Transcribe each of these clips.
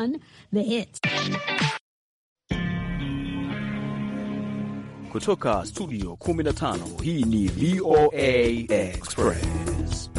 one, The Hits. Kutoka studio 15 hii ni VOA Express.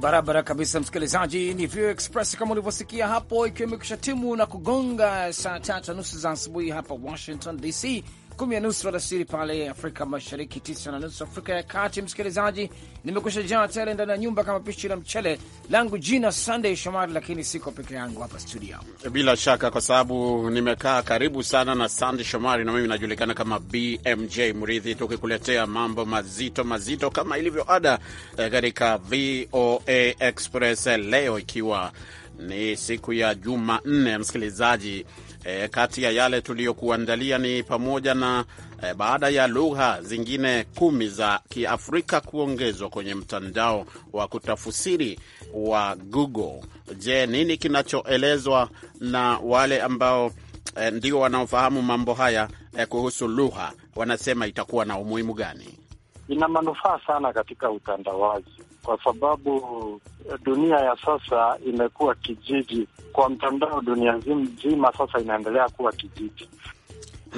Barabara kabisa, msikilizaji, ni VOA Express kama ulivyosikia hapo, ikiwa timu na kugonga saa tatu nusu za asubuhi hapa Washington DC kumi na nusu alasiri pale Afrika Mashariki, tisa na nusu Afrika ya Kati. Msikilizaji, nimekusha jaa tele ndani ya nyumba kama pishi la mchele langu. Jina Sunday Shomari, lakini siko peke yangu hapa studio, bila shaka, kwa sababu nimekaa karibu sana na Sunday Shomari na mimi najulikana kama BMJ Mridhi, tukikuletea mambo mazito mazito kama ilivyo ada eh, katika VOA Express eh, leo, ikiwa ni siku ya Jumanne, msikilizaji E, kati ya yale tuliyokuandalia ni pamoja na e, baada ya lugha zingine kumi za Kiafrika kuongezwa kwenye mtandao wa kutafusiri wa Google. Je, nini kinachoelezwa na wale ambao e, ndio wanaofahamu mambo haya e, kuhusu lugha wanasema itakuwa na umuhimu gani? Ina manufaa sana katika utandawazi kwa sababu dunia ya sasa imekuwa kijiji kwa mtandao, dunia nzima sasa inaendelea kuwa kijiji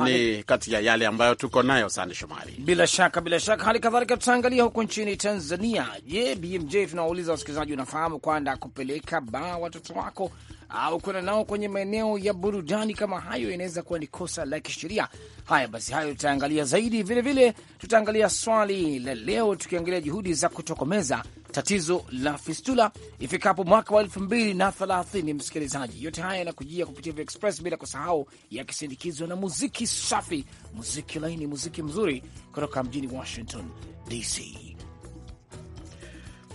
ni kati ya yale ambayo tuko nayo. Sande Shomari, bila shaka, bila shaka. Hali kadhalika tutaangalia huko nchini Tanzania. Je, BMJ tunawauliza wasikilizaji, unafahamu kwanda kupeleka baa watoto wako au kwenda nao kwenye maeneo ya burudani kama hayo inaweza kuwa ni kosa la kisheria? Haya basi, hayo tutaangalia zaidi. Vilevile tutaangalia swali la leo, tukiangalia juhudi za kutokomeza tatizo la fistula ifikapo mwaka wa elfu mbili na thelathini. Msikilizaji, yote haya yanakujia kupitia vya Express, bila kusahau yakisindikizwa na muziki safi, muziki laini, muziki mzuri kutoka mjini Washington DC.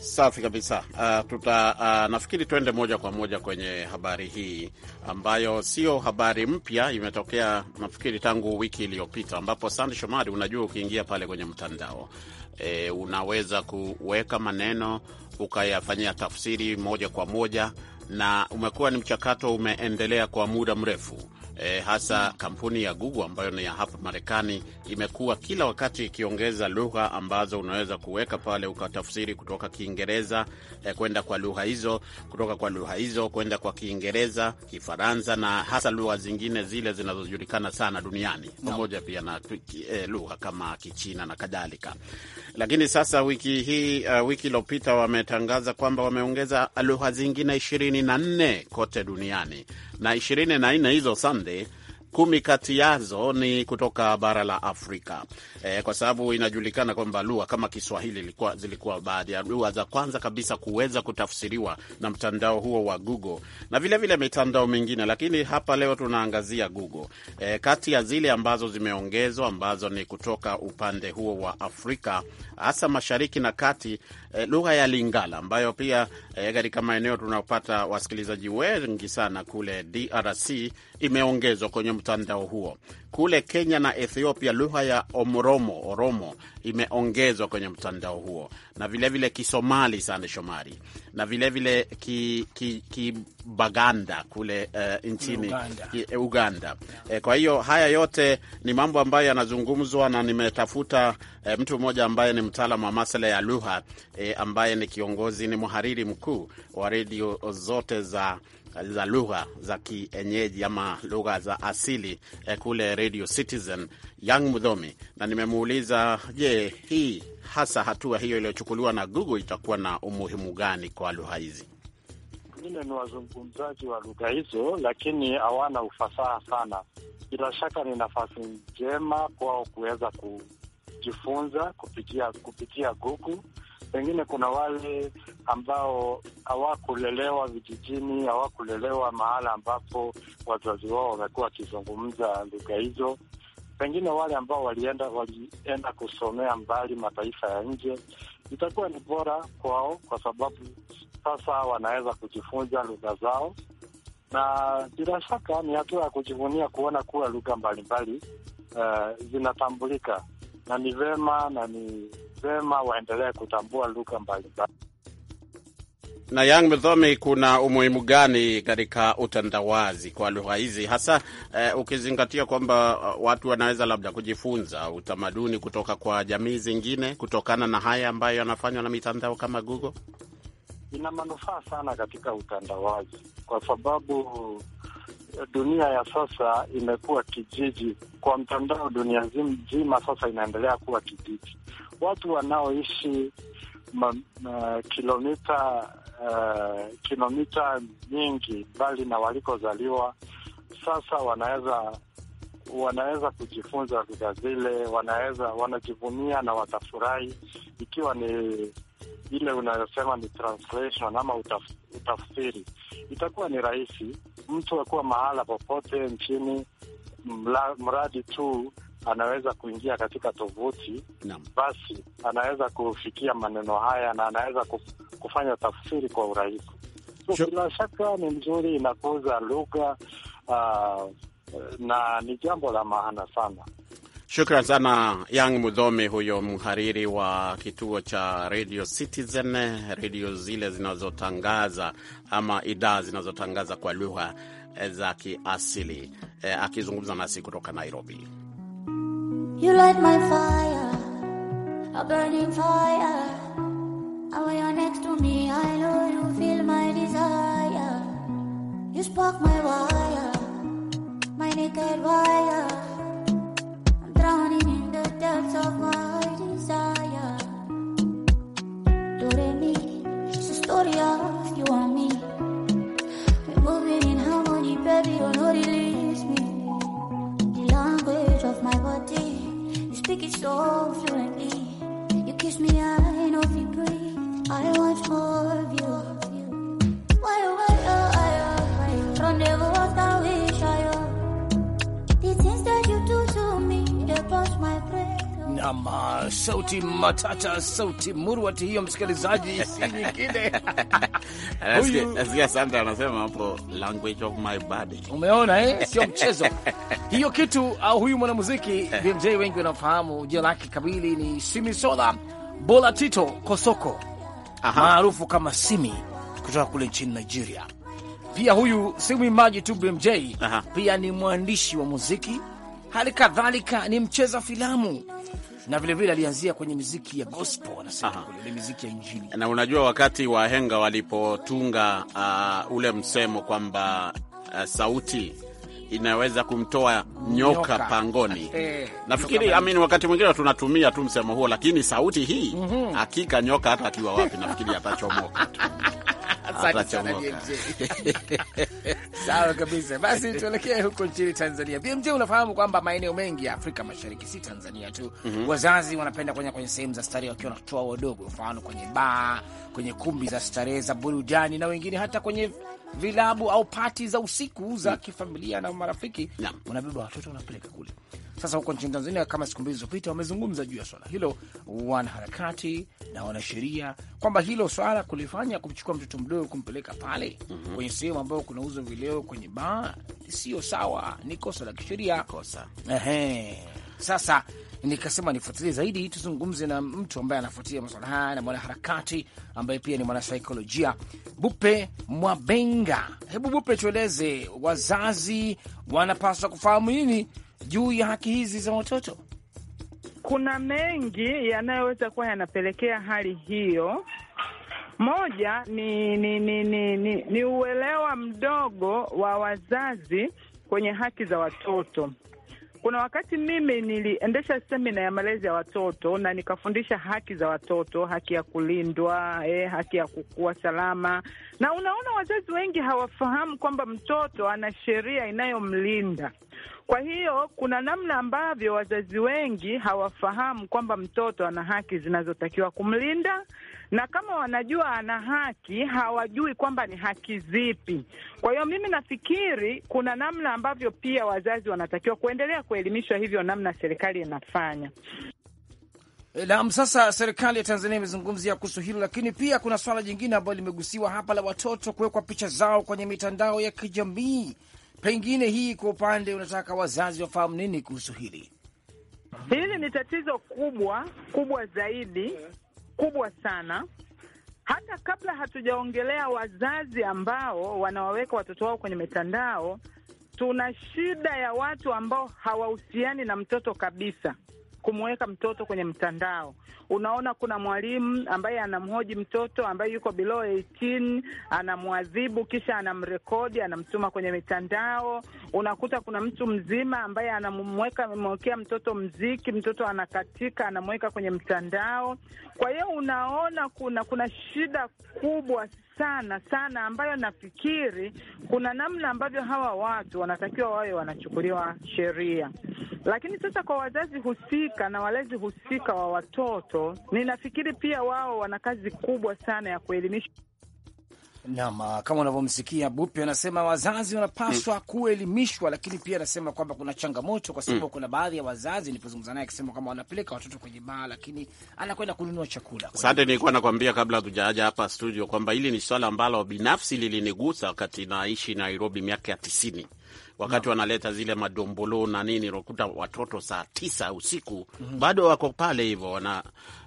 Safi kabisa. Uh, tuta uh, nafikiri tuende moja kwa moja kwenye habari hii ambayo sio habari mpya, imetokea nafikiri tangu wiki iliyopita, ambapo Sande Shomari, unajua ukiingia pale kwenye mtandao e, unaweza kuweka maneno ukayafanyia tafsiri moja kwa moja, na umekuwa ni mchakato umeendelea kwa muda mrefu eh, hasa kampuni ya Google ambayo ni ya hapa Marekani imekuwa kila wakati ikiongeza lugha ambazo unaweza kuweka pale ukatafsiri kutoka Kiingereza eh, kwenda kwa lugha hizo, kutoka kwa lugha hizo kwenda kwa Kiingereza, Kifaransa na hasa lugha zingine zile zinazojulikana sana duniani pamoja no. pia na eh, lugha kama Kichina na kadhalika. Lakini sasa wiki hii uh, wiki iliyopita wametangaza kwamba wameongeza lugha zingine ishirini na nne kote duniani na ishirini na nne hizo Sunday kumi kati yazo ni kutoka bara la Afrika e, kwa sababu inajulikana kwamba lugha kama Kiswahili ilikuwa, zilikuwa baadhi ya lugha za kwanza kabisa kuweza kutafsiriwa na mtandao huo wa Google na vilevile vile mitandao mingine, lakini hapa leo tunaangazia Google. E, kati ya zile ambazo zimeongezwa ambazo ni kutoka upande huo wa Afrika hasa mashariki na kati e, lugha ya Lingala ambayo pia e, katika e, maeneo tunapata wasikilizaji wengi sana kule DRC imeongezwa kwenye mtandao huo. Kule Kenya na Ethiopia lugha ya Omromo Oromo imeongezwa kwenye mtandao huo na vilevile Kisomali. Sande Shomari, na vilevile Kibaganda ki, ki kule uh, nchini Uganda, ki, eh, Uganda. Yeah. kwa hiyo haya yote ni mambo ambayo yanazungumzwa na nimetafuta eh, mtu mmoja ambaye ni mtaalam wa masala ya lugha eh, ambaye ni kiongozi, ni mhariri mkuu wa redio zote za za lugha za kienyeji ama lugha za asili eh, kule Radio Citizen Young Mudhomi, na nimemuuliza je, hii hasa hatua hiyo iliyochukuliwa na Google itakuwa na umuhimu gani kwa lugha hizi? Wengine ni wazungumzaji wa lugha hizo, lakini hawana ufasaha sana. Bila shaka ni nafasi njema kwao kuweza kujifunza kupitia kupitia Google. Pengine kuna wale ambao hawakulelewa vijijini, hawakulelewa mahala ambapo wazazi wao wamekuwa wakizungumza lugha hizo pengine wale ambao walienda walienda kusomea mbali mataifa ya nje, itakuwa ni bora kwao, kwa sababu sasa wanaweza kujifunza lugha zao, na bila shaka ni hatua ya kujivunia kuona kuwa lugha mbalimbali uh, zinatambulika, na ni vema na ni vema waendelee kutambua lugha mbalimbali na Young Mthomi, kuna umuhimu gani katika utandawazi kwa lugha hizi hasa eh, ukizingatia kwamba uh, watu wanaweza labda kujifunza utamaduni kutoka kwa jamii zingine kutokana na haya ambayo yanafanywa na mitandao kama Google? Ina manufaa sana katika utandawazi kwa sababu eh, dunia ya sasa imekuwa kijiji kwa mtandao. Dunia nzima sasa inaendelea kuwa kijiji. Watu wanaoishi kilomita uh, kilomita nyingi mbali na walikozaliwa. Sasa wanaweza wanaweza kujifunza lugha zile, wanaweza wanajivunia na watafurahi, ikiwa ni ile unayosema ni translation ama utaf, utafsiri. Itakuwa ni rahisi mtu akuwa mahala popote nchini, mla, mradi tu anaweza kuingia katika tovuti Basi anaweza kufikia maneno haya na anaweza kufanya tafsiri kwa urahisi. So, sure. Bila shaka ni mzuri, inakuza lugha uh, na ni jambo la maana sana. Shukran sana Yang Mudhomi, huyo mhariri wa kituo cha Radio Citizen, redio zile zinazotangaza ama idhaa zinazotangaza kwa lugha za kiasili, eh, akizungumza nasi kutoka Nairobi. You light my fire, a burning fire. And when you're next to me, I know you feel my desire. You spark my wire, my naked wire. I'm drowning in the depths of my desire. Do re mi, it's a story of you and me. so fluently. You kiss me, I know if of you. Why, oh, oh, me, they sauti matata, sauti murwati hiyo, msikilizaji, si nyingine Nasikia eh, Sandra anasema hapo language of my body. Umeona eh? Sio mchezo. Hiyo kitu au huyu mwanamuziki eh. BMJ wengi wanafahamu jina lake kabili ni Simisola Bola Tito Kosoko maarufu kama Simi kutoka kule nchini Nigeria. Pia huyu si mwimbaji tu BMJ, pia ni mwandishi wa muziki, hali kadhalika ni mcheza filamu na vilevile alianzia kwenye miziki ya gospel, anasema ile miziki ya Injili. Na unajua wakati wahenga walipotunga uh, ule msemo kwamba uh, sauti inaweza kumtoa nyoka pangoni. Eh, nafikiri amini, wakati mwingine tunatumia tu msemo huo, lakini sauti hii, mm -hmm. Hakika nyoka hata akiwa wapi, nafikiri atachomoka tu. Asante sana BMJ. Sawa kabisa. Basi tuelekee huko nchini Tanzania. BMJ, unafahamu kwamba maeneo mengi ya Afrika Mashariki, si Tanzania tu, mm -hmm. wazazi wanapenda kwenda kwenye sehemu za starehe wakiwa na wadogo, mfano kwenye baa, kwenye kumbi za starehe za burudani, na wengine hata kwenye vilabu au pati za usiku za mm. kifamilia na marafiki, unabeba watoto unapeleka kule sasa huko nchini Tanzania, kama siku mbili zilizopita, wamezungumza juu ya swala hilo, wanaharakati na wanasheria, kwamba hilo swala kulifanya kumchukua mtoto mdogo kumpeleka pale mm -hmm. kwenye sehemu ambayo kunauzwa vileo kwenye baa sio sawa, ni kosa la kisheria kosa. Ehe, sasa nikasema nifuatilie zaidi, tuzungumze na mtu ambaye anafuatilia maswala haya na mwanaharakati ambaye pia ni mwanasaikolojia Bupe Mwabenga. Hebu Bupe, tueleze wazazi wanapaswa kufahamu nini juu ya haki hizi za watoto? Kuna mengi yanayoweza kuwa yanapelekea hali hiyo. Moja ni ni, ni, ni, ni ni uelewa mdogo wa wazazi kwenye haki za watoto. Kuna wakati mimi niliendesha semina ya malezi ya watoto na nikafundisha haki za watoto, haki ya kulindwa, eh, haki ya kukua salama, na unaona wazazi wengi hawafahamu kwamba mtoto ana sheria inayomlinda. Kwa hiyo kuna namna ambavyo wazazi wengi hawafahamu kwamba mtoto ana haki zinazotakiwa kumlinda, na kama wanajua ana haki hawajui kwamba ni haki zipi. Kwa hiyo mimi nafikiri kuna namna ambavyo pia wazazi wanatakiwa kuendelea kuelimishwa hivyo, namna serikali inafanya. Eh, naam, sasa serikali ya Tanzania imezungumzia kuhusu hilo, lakini pia kuna swala jingine ambalo limegusiwa hapa la watoto kuwekwa picha zao kwenye mitandao ya kijamii pengine hii kwa upande, unataka wazazi wafahamu nini kuhusu hili? Hili ni tatizo kubwa kubwa zaidi, kubwa sana, hata kabla hatujaongelea wazazi ambao wanawaweka watoto wao kwenye mitandao. Tuna shida ya watu ambao hawahusiani na mtoto kabisa kumweka mtoto kwenye mtandao. Unaona, kuna mwalimu ambaye anamhoji mtoto ambaye yuko below 18, anamwadhibu kisha anamrekodi, anamtuma kwenye mitandao. Unakuta kuna mtu mzima ambaye anamweka mwekea mtoto mziki, mtoto anakatika, anamweka kwenye mtandao. Kwa hiyo unaona kuna kuna shida kubwa sana sana ambayo nafikiri kuna namna ambavyo hawa watu wanatakiwa wawe wanachukuliwa sheria. Lakini sasa kwa wazazi husika na walezi husika wa watoto, ninafikiri pia wao wana kazi kubwa sana ya kuelimisha Naam, ah, kama unavyomsikia Bupi anasema wazazi wanapaswa mm. kuelimishwa, lakini pia anasema kwamba kuna changamoto kwa sababu mm. kuna baadhi ya wazazi nilipozungumza naye akisema kama wanapeleka watoto kwenye baa, lakini anakwenda kununua chakula. Asante, nilikuwa nakwambia kabla tujaaja hapa studio kwamba hili ni swala ambalo binafsi lilinigusa wakati naishi Nairobi miaka ya tisini wakati no. wanaleta zile madombolo na nini, unakuta watoto saa tisa usiku mm -hmm. bado wako pale hivyo wana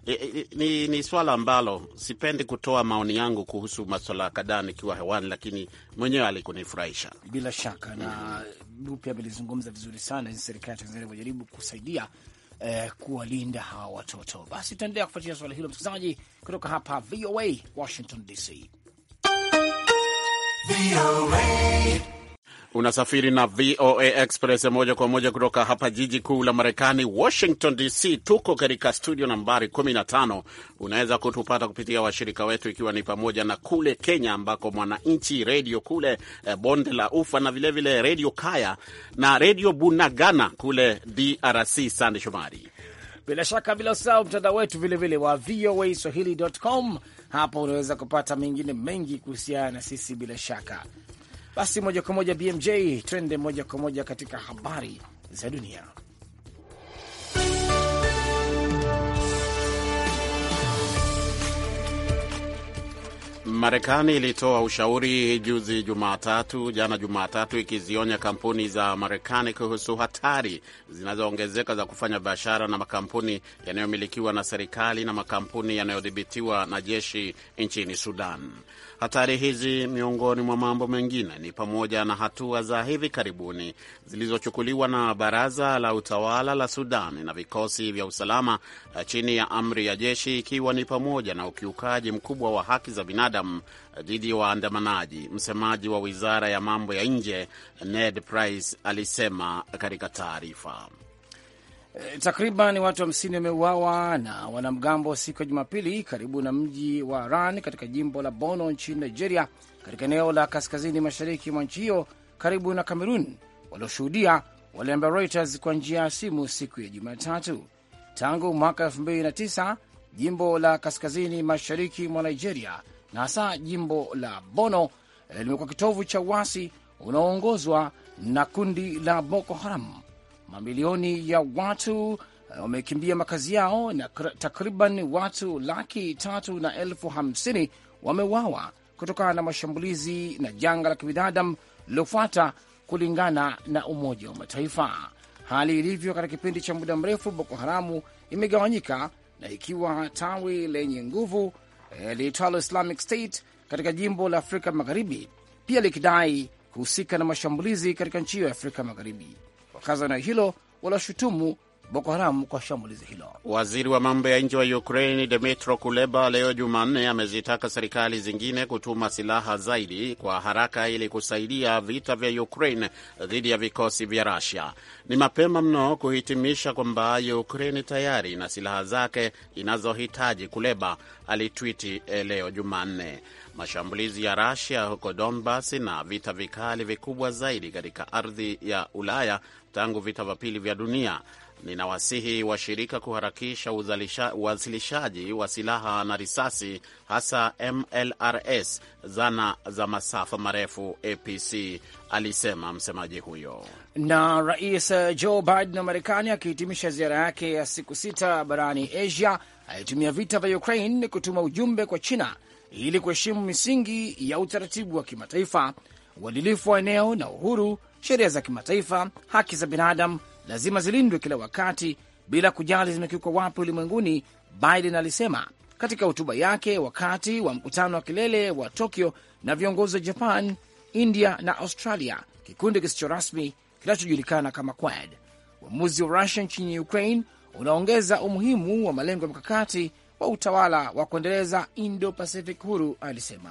ni, e, e, e, ni, ni swala ambalo sipendi kutoa maoni yangu kuhusu maswala kadhaa nikiwa hewani, lakini mwenyewe alikunifurahisha bila shaka na mm -hmm. pia vilizungumza vizuri sana jinsi serikali ya Tanzania inajaribu kusaidia eh, kuwalinda hawa watoto. Basi tutaendelea kufuatilia swala hilo, msikilizaji, kutoka hapa VOA Washington DC. Unasafiri na VOA Express moja kwa moja kutoka hapa jiji kuu la Marekani, Washington DC. Tuko katika studio nambari 15. Unaweza kutupata kupitia washirika wetu, ikiwa ni pamoja na kule Kenya ambako Mwananchi Redio kule eh, bonde la Ufa, na vilevile Redio Kaya na Redio Bunagana kule DRC. Sande Shomari, bila shaka, bila usahau mtandao wetu vilevile wa VOA swahili.com. Hapo unaweza kupata mengine mengi kuhusiana na sisi, bila shaka basi moja kwa moja BMJ, twende moja kwa moja katika habari za dunia. Marekani ilitoa ushauri juzi Jumatatu, jana Jumatatu, ikizionya kampuni za Marekani kuhusu hatari zinazoongezeka za kufanya biashara na makampuni yanayomilikiwa na serikali na makampuni yanayodhibitiwa na jeshi nchini Sudan. Hatari hizi, miongoni mwa mambo mengine, ni pamoja na hatua za hivi karibuni zilizochukuliwa na baraza la utawala la Sudan na vikosi vya usalama eh, chini ya amri ya jeshi, ikiwa ni pamoja na ukiukaji mkubwa wa haki za binadamu binadamu dhidi ya waandamanaji. Msemaji wa wizara ya mambo ya nje Ned Price alisema katika taarifa. Eh, takriban watu hamsini wameuawa na wanamgambo siku ya Jumapili karibu na mji wa ran katika jimbo la Bono nchini Nigeria, katika eneo la kaskazini mashariki mwa nchi hiyo karibu na cameroon Walioshuhudia waliambia Reuters kwa njia ya simu siku ya Jumatatu. Tangu mwaka 2009 jimbo la kaskazini mashariki mwa Nigeria na hasa jimbo la Bono eh, limekuwa kitovu cha uasi unaoongozwa na kundi la Boko Haram. Mamilioni ya watu eh, wamekimbia makazi yao na takriban watu laki tatu na elfu hamsini wameuawa kutokana na mashambulizi na janga la kibinadamu liliofuata kulingana na Umoja wa Mataifa. Hali ilivyo katika kipindi cha muda mrefu, Boko Haramu imegawanyika na ikiwa tawi lenye nguvu Eh, liitwalo Islamic State katika jimbo la Afrika Magharibi, pia likidai kuhusika na mashambulizi katika nchi hiyo ya Afrika Magharibi. Wakazi wa eneo hilo walashutumu Boko Haram kwa shambulizi hilo. Waziri wa mambo ya nje wa Ukraini Dmytro Kuleba leo Jumanne amezitaka serikali zingine kutuma silaha zaidi kwa haraka ili kusaidia vita vya Ukraine dhidi ya vikosi vya Rusia. Ni mapema mno kuhitimisha kwamba Ukraini tayari ina silaha zake inazohitaji, Kuleba alitwiti eh, leo Jumanne mashambulizi ya rusia huko Donbas na vita vikali vikubwa zaidi katika ardhi ya Ulaya tangu vita vya pili vya dunia. Ninawasihi washirika kuharakisha uwasilishaji wa silaha na risasi, hasa MLRS, zana za masafa marefu APC, alisema msemaji huyo. Na Rais uh, Joe Biden wa Marekani akihitimisha ziara yake ya siku sita barani Asia alitumia vita vya Ukraine kutuma ujumbe kwa China ili kuheshimu misingi ya utaratibu wa kimataifa, uadilifu wa eneo na uhuru. Sheria za kimataifa, haki za binadamu lazima zilindwe kila wakati, bila kujali zimekiukwa wapi ulimwenguni, Biden alisema katika hotuba yake wakati wa mkutano wa kilele wa Tokyo na viongozi wa Japan, India na Australia, kikundi kisicho rasmi kinachojulikana kama Quad. Uamuzi wa Rusia nchini Ukraine unaongeza umuhimu wa malengo ya mkakati wa utawala wa kuendeleza Indo Pacific huru, alisema.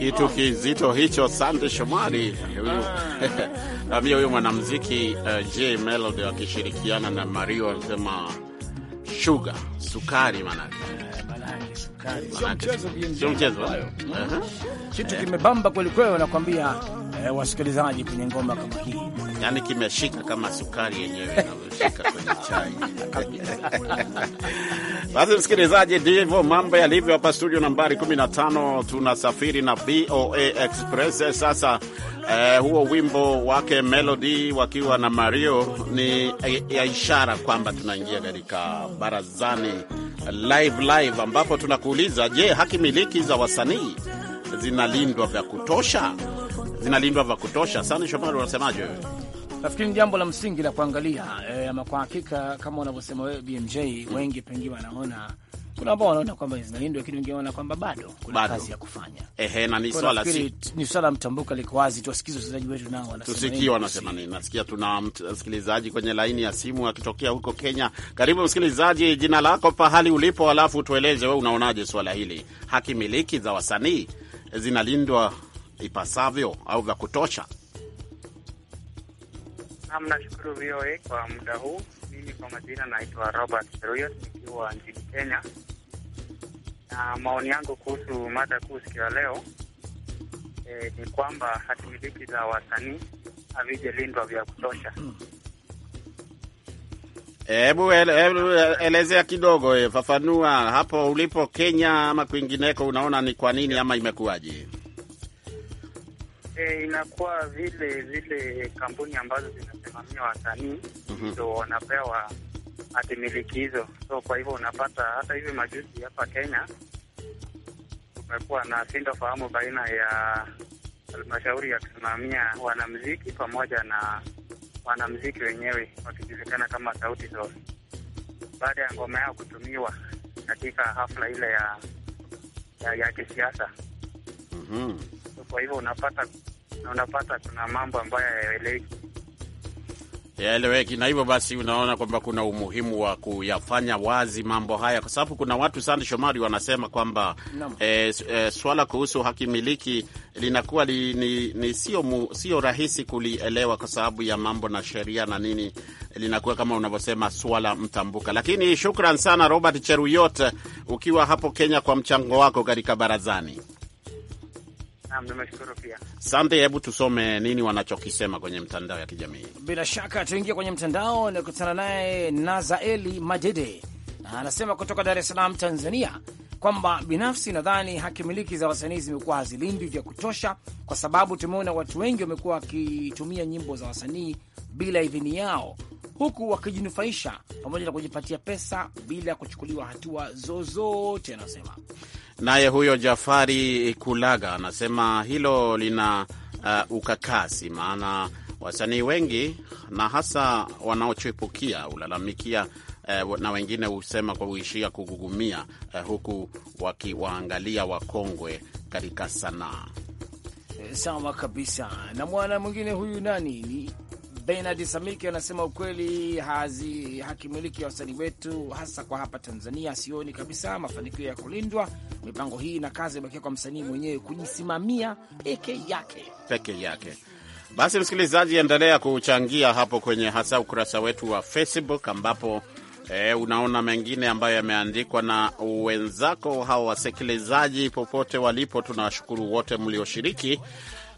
Kitu kizito hicho, Sande Shomari na ah. pia huyo uh, J Melody akishirikiana na Mario anasema shuga sukari manake sio mchezo. Kitu kimebamba kwelikweli, wanakwambia eh, wasikilizaji kwenye ngoma kama hii yani kimeshika kama sukari yenyewe inavyoshika kwenye chai. Basi msikilizaji, ndivyo mambo yalivyo hapa studio nambari 15, tunasafiri na VOA Express sasa. Eh, huo wimbo wake Melody wakiwa na Mario ni ya ishara kwamba tunaingia katika barazani live live, ambapo tunakuuliza, je, haki miliki za wasanii zinalindwa vya kutosha? Zinalindwa vya kutosha? Sani Shomari, unasemaje wewe? Nafikiri ni jambo la msingi la kuangalia e, ama kwa hakika kama unavyosema wewe BMJ, wengi pengine wanaona kuna ambao wanaona kwamba zinalindwa, lakini wengine wanaona kwamba bado kuna bado kazi ya kufanya. Ehe, na ni swala si ni swala mtambuka liko wazi, tuwasikize wasikilizaji wetu nao wanasema tusikie, wanasema nini. Nasikia tuna msikilizaji kwenye laini ya simu akitokea huko Kenya. Karibu msikilizaji, jina lako, pahali ulipo, alafu tueleze wewe unaonaje swala hili, haki miliki za wasanii zinalindwa ipasavyo au vya kutosha? Naam, nashukuru VOA kwa muda huu. Mimi kwa majina naitwa Robert Cheruiyot nikiwa nchini Kenya, na maoni yangu kuhusu mada kuu siku ya leo e, ni kwamba hatimiliki za wasanii havijalindwa vya kutosha. Hebu elezea kidogo e, fafanua hapo ulipo Kenya ama kwingineko, unaona ni kwa nini ama imekuwaje? E, inakuwa vile vile kampuni ambazo zina wanasimamia wasanii -hmm. wanapewa hatimiliki hizo. So kwa hivyo unapata hata hivi majuzi hapa Kenya kumekuwa na sintofahamu baina ya halmashauri ya kusimamia wanamziki pamoja na wanamziki wenyewe wakijulikana kama Sauti Sol baada ya ngoma yao kutumiwa katika hafla ile ya ya, ya kisiasa. Mm -hmm. So kwa hivyo unapata unapata kuna mambo ambayo hayaeleweki yaeleweki, na hivyo basi unaona kwamba kuna umuhimu wa kuyafanya wazi mambo haya, kwa sababu kuna watu sana, Shomari, wanasema kwamba e, e, swala kuhusu haki miliki linakuwa li, ni, ni sio, sio rahisi kulielewa kwa sababu ya mambo na sheria na nini, linakuwa kama unavyosema swala mtambuka. Lakini shukran sana Robert Cheruyot, ukiwa hapo Kenya kwa mchango wako katika barazani. Naam, Asante, hebu tusome nini wanachokisema kwenye mtandao ya kijamii. Bila shaka tuingie kwenye mtandao nakutana naye Nazaeli Madede, anasema kutoka Dar es Salaam, Tanzania, kwamba binafsi nadhani haki miliki za wasanii zimekuwa hazilindwi vya kutosha, kwa sababu tumeona watu wengi wamekuwa wakitumia nyimbo za wasanii bila idhini yao, huku wakijinufaisha pamoja na kujipatia pesa bila kuchukuliwa hatua zozote, anasema Naye huyo Jafari Kulaga anasema hilo lina uh, ukakasi, maana wasanii wengi na hasa wanaochipukia ulalamikia uh, na wengine husema kwa kuishia kugugumia eh, huku wakiwaangalia wakongwe katika sanaa. Eh, sawa kabisa. Na mwana mwingine huyu nani ni Bernard Samike anasema ukweli hazi hakimiliki ya wasanii wetu, hasa kwa hapa Tanzania. Sioni kabisa mafanikio ya kulindwa mipango hii, na kazi imebakia kwa msanii mwenyewe kujisimamia peke yake, peke yake. Basi msikilizaji, endelea kuchangia hapo kwenye hasa ukurasa wetu wa Facebook ambapo E, unaona mengine ambayo yameandikwa na wenzako hawa wasikilizaji popote walipo, tunawashukuru wote mlioshiriki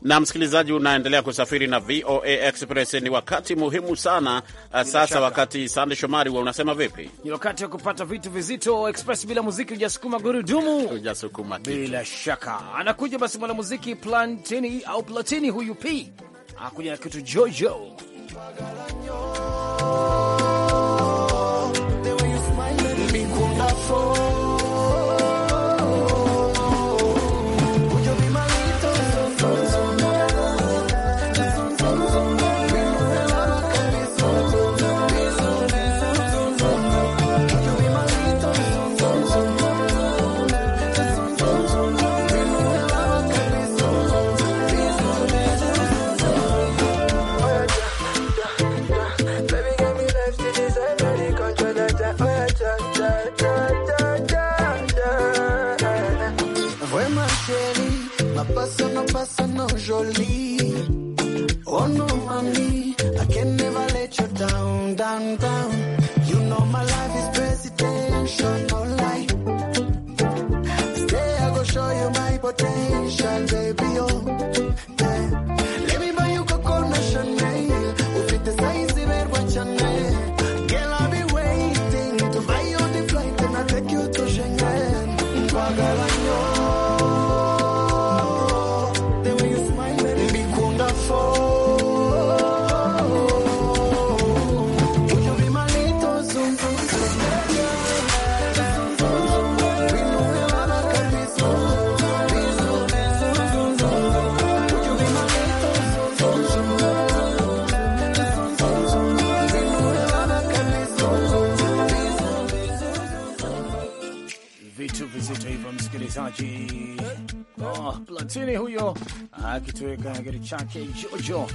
na msikilizaji, unaendelea kusafiri na VOA Express. Ni wakati muhimu sana uh, sasa wakati Sande Shomari wa unasema vipi? Ni wakati wa kupata vitu vizito express, bila muziki hujasukuma gurudumu, hujasukuma kitu. Bila shaka anakuja basi mwanamuziki Plantini au Platini, huyu P anakuja na kitu jojo let you down, down, down. You know my life is presidential, no lie. Stay, I go show you my potential, baby. Platini huyo akitoweka gari chake Jojo.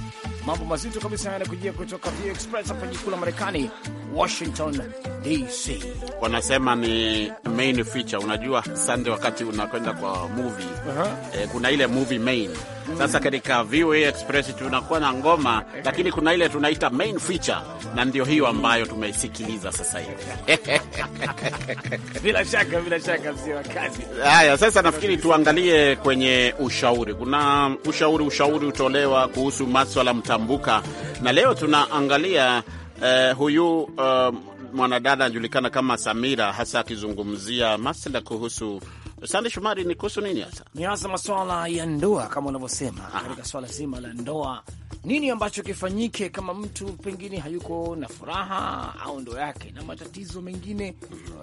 Mambo mazito kabisa yanakujia kutoka VOA Express hapa jikuu la Marekani, Washington DC. Wanasema ni main feature. Unajua Sande, wakati unakwenda kwa movie uh -huh. Eh, kuna ile movie main sasa katika VOA Express tunakuwa na ngoma, lakini kuna ile tunaita main feature, na ndio hiyo ambayo tumeisikiliza sasa hivi. bila shaka, bila shaka, mzee wa kazi. Haya, sasa nafikiri tuangalie kwenye ushauri. Kuna ushauri, ushauri utolewa kuhusu maswala mtambuka, na leo tunaangalia eh, huyu um, mwanadada anajulikana kama Samira, hasa akizungumzia masala kuhusu Sande Shomari, ni kuhusu nini hasa? Ni hasa maswala ya ndoa kama unavyosema, ah. katika swala zima la ndoa, nini ambacho kifanyike kama mtu pengine hayuko na furaha au ndoa yake na matatizo mengine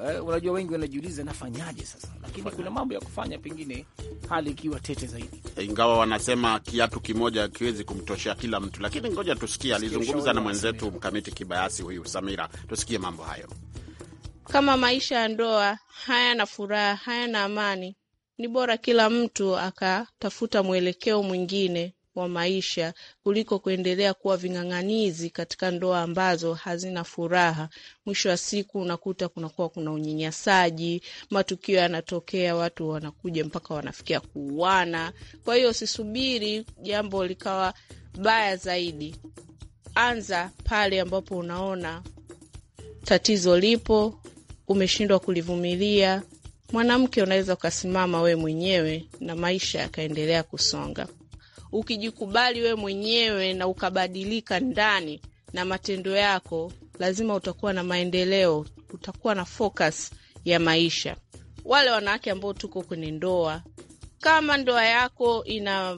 Eh, unajua wengi wanajiuliza nafanyaje sasa, lakini kuna mambo ya kufanya pengine hali ikiwa tete zaidi, ingawa wanasema kiatu kimoja kiwezi kumtoshea kila mtu, lakini ngoja tusikie, alizungumza na mwenzetu Mkamiti Kibayasi huyu Samira, tusikie mambo hayo. Kama maisha ya ndoa hayana furaha, hayana amani, ni bora kila mtu akatafuta mwelekeo mwingine wa maisha kuliko kuendelea kuwa ving'ang'anizi katika ndoa ambazo hazina furaha. Mwisho wa siku unakuta kunakuwa kuna unyanyasaji, matukio yanatokea, watu wanakuja mpaka wanafikia kuuana. Kwa hiyo usisubiri jambo likawa baya zaidi, anza pale ambapo unaona tatizo lipo, umeshindwa kulivumilia, mwanamke, unaweza ukasimama wewe mwenyewe na maisha yakaendelea kusonga. Ukijikubali wewe mwenyewe na ukabadilika ndani na matendo yako, lazima utakuwa na maendeleo, utakuwa na focus ya maisha. Wale wanawake ambao tuko kwenye ndoa, kama ndoa yako ina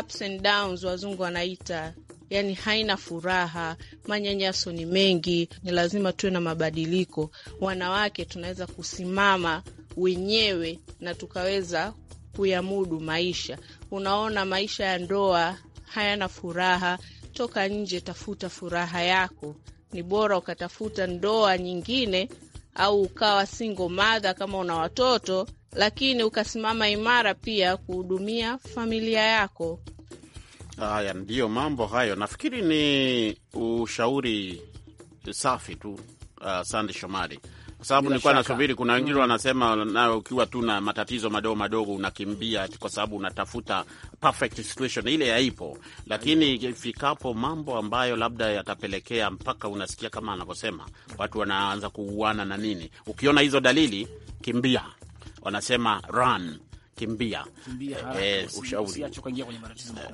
ups and downs, wazungu wanaita yani haina furaha. Manyanyaso ni mengi, ni lazima tuwe na mabadiliko. Wanawake tunaweza kusimama wenyewe na tukaweza kuyamudu maisha. Unaona, maisha ya ndoa hayana furaha. Toka nje, tafuta furaha yako. Ni bora ukatafuta ndoa nyingine au ukawa single mother kama una watoto, lakini ukasimama imara pia kuhudumia familia yako. Haya ndiyo mambo hayo. Nafikiri ni ushauri safi tu, uh, Sande Shomari, kwa sababu nilikuwa nasubiri kuna wengine mm, wanasema nayo, ukiwa tu na matatizo madogo madogo unakimbia kwa sababu unatafuta perfect situation. Ile haipo, lakini ifikapo mambo ambayo labda yatapelekea mpaka unasikia kama anavyosema watu wanaanza kuuana na nini, ukiona hizo dalili kimbia, wanasema run kimbia, e, eh, eh, ushauri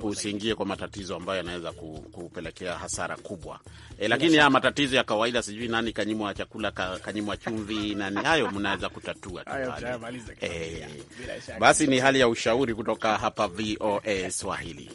usiingie kwa matatizo ambayo yanaweza kupelekea hasara kubwa e, lakini haya matatizo ya kawaida, sijui nani kanyimwa chakula, kanyimwa chumvi, nani, hayo mnaweza kutatua e, basi ni hali ya ushauri kutoka hapa VOA Swahili.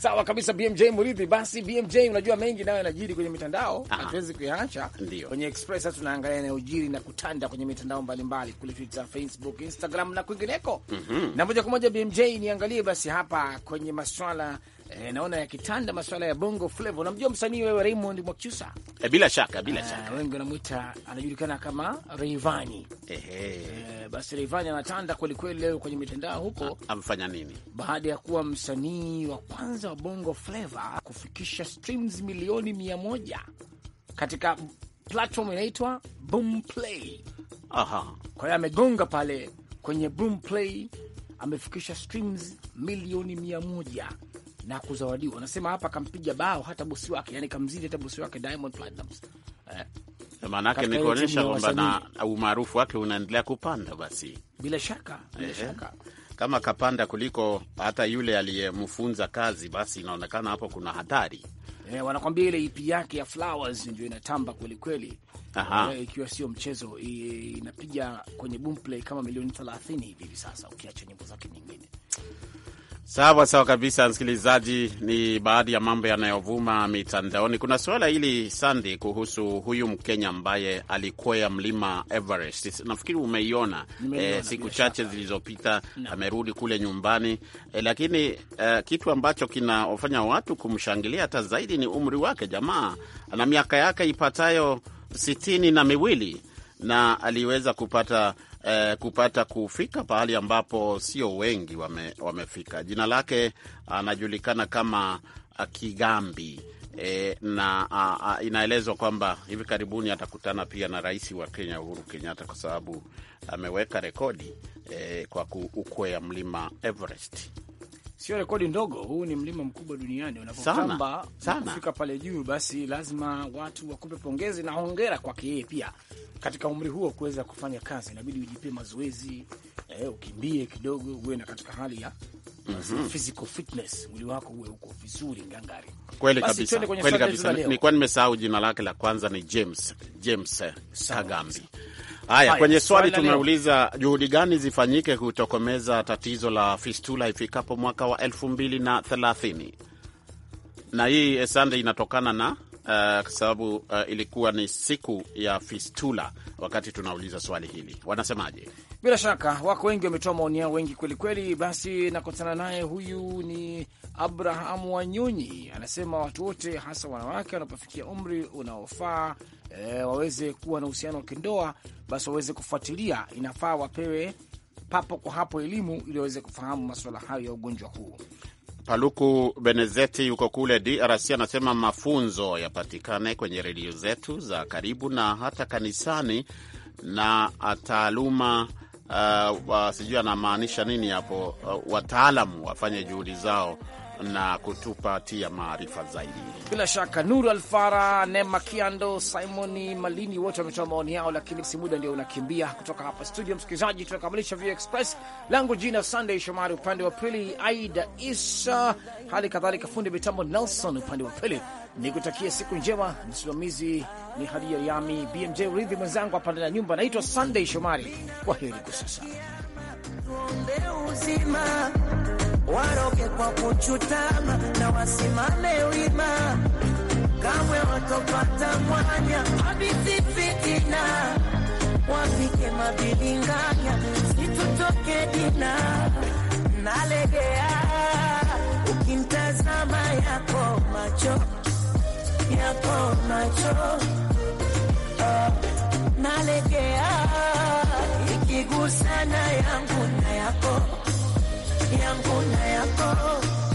Sawa kabisa, BMJ Muridhi. Basi BMJ, unajua mengi nayo yanajiri kwenye mitandao, hatuwezi kuyaacha. Kwenye Express sasa tunaangalia yanayojiri na kutanda kwenye mitandao mbalimbali kule Twitter, Facebook, Instagram na kwingineko. mm -hmm. Na moja kwa moja BMJ, niangalie basi hapa kwenye maswala E, naona yakitanda masuala ya bongo flava. Unamjua msanii wewe Raymond Mwakyusa? E, bila shaka, bila ah, shaka. Wengi wanamwita anajulikana kama Rayvanny. Ehe. E, basi Rayvanny anatanda kweli kweli leo kwenye mitandao huko. Amfanya nini? Baada ya kuwa msanii wa kwanza wa bongo flava kufikisha streams milioni mia moja katika platform inaitwa Boomplay. Aha. Kwa hiyo amegonga pale kwenye Boomplay amefikisha streams milioni mia moja na kuzawadiwa. Anasema hapa kampiga bao hata bosi wake, yani kamzidi hata bosi wake Diamond Platnumz eh. Maanake ni kuonyesha kwamba na umaarufu wake unaendelea kupanda. Basi bila shaka, bila shaka kama kapanda kuliko hata yule aliyemfunza kazi, basi inaonekana hapo kuna hatari e, Wanakwambia ile ipi e yake ya Flowers ndio inatamba kwelikweli, eh, ikiwa sio mchezo, inapiga kwenye Boomplay kama milioni 30 hivi hivi sasa, ukiacha nyimbo zake nyingine. Sawa sawa kabisa, msikilizaji, ni baadhi ya mambo yanayovuma mitandaoni. Kuna suala hili Sandi kuhusu huyu Mkenya ambaye alikwea mlima Everest, nafikiri umeiona e, siku chache zilizopita Amerudi kule nyumbani e, lakini e, kitu ambacho kinawafanya watu kumshangilia hata zaidi ni umri wake. Jamaa ana miaka yake ipatayo sitini na miwili na aliweza kupata eh, kupata kufika pahali ambapo sio wengi wame, wamefika. Jina lake ah, anajulikana kama ah, Kigambi. E, na a, ah, a, inaelezwa kwamba hivi karibuni atakutana pia na rais wa Kenya Uhuru Kenyatta kwa sababu ameweka rekodi e, kwa kuukwea mlima Everest sio rekodi ndogo. Huu ni mlima mkubwa duniani, unapotamba kufika pale juu, basi lazima watu wakupe pongezi na hongera kwake yeye. Pia katika umri huo kuweza kufanya kazi, inabidi ujipe mazoezi eh, ukimbie kidogo, uwe na katika hali ya mm -hmm. physical fitness, mwili wako uwe uko vizuri ngangari. Kweli kabisa, kweli kabisa. Nilikuwa nimesahau jina lake la kwanza, ni James James eh, Kagambi. Haya, kwenye swali tumeuliza juhudi gani zifanyike kutokomeza tatizo la fistula ifikapo mwaka wa elfu mbili na thelathini na hii eh, sande inatokana na uh, kwa sababu uh, ilikuwa ni siku ya fistula wakati tunauliza swali hili. Wanasemaje? Bila shaka wako wengi wametoa maoni yao, wengi kwelikweli. Basi nakutana naye, huyu ni Abrahamu Wanyunyi, anasema watu wote, hasa wanawake, wanapofikia umri unaofaa e, waweze kuwa na uhusiano wa kindoa, basi waweze kufuatilia, inafaa wapewe papo kwa hapo elimu ili waweze kufahamu masuala hayo ya ugonjwa huu. Paluku Benezeti yuko kule DRC, anasema mafunzo yapatikane kwenye redio zetu za karibu na hata kanisani na taaluma uh, sijui anamaanisha nini hapo. Uh, wataalamu wafanye juhudi zao na kutupatia maarifa zaidi. Bila shaka, nuru Alfara, Nema Kiando, Simoni Malini wote wametoa maoni yao, lakini si muda ndio unakimbia. Kutoka hapa studio, msikilizaji, tunakamilisha VOA Express langu jina Sunday Shomari, upande wa pili Aida Isa, hali kadhalika fundi mitambo Nelson upande wa pili. kutakia siku njema. Msimamizi ni Hadia Riami, BMJ uridhi mwenzangu hapa ndani ya nyumba. Naitwa Sunday Shomari, kwa heri kwa sasa waroke kwa kuchutama na wasimame wima, kamwe watopata mwanya abisi fitina, wapike mabilinganya, situtoke dina nalegea, ukimtazama yako macho yako macho uh, nalegea ikigusana yangu na yako yangu na yako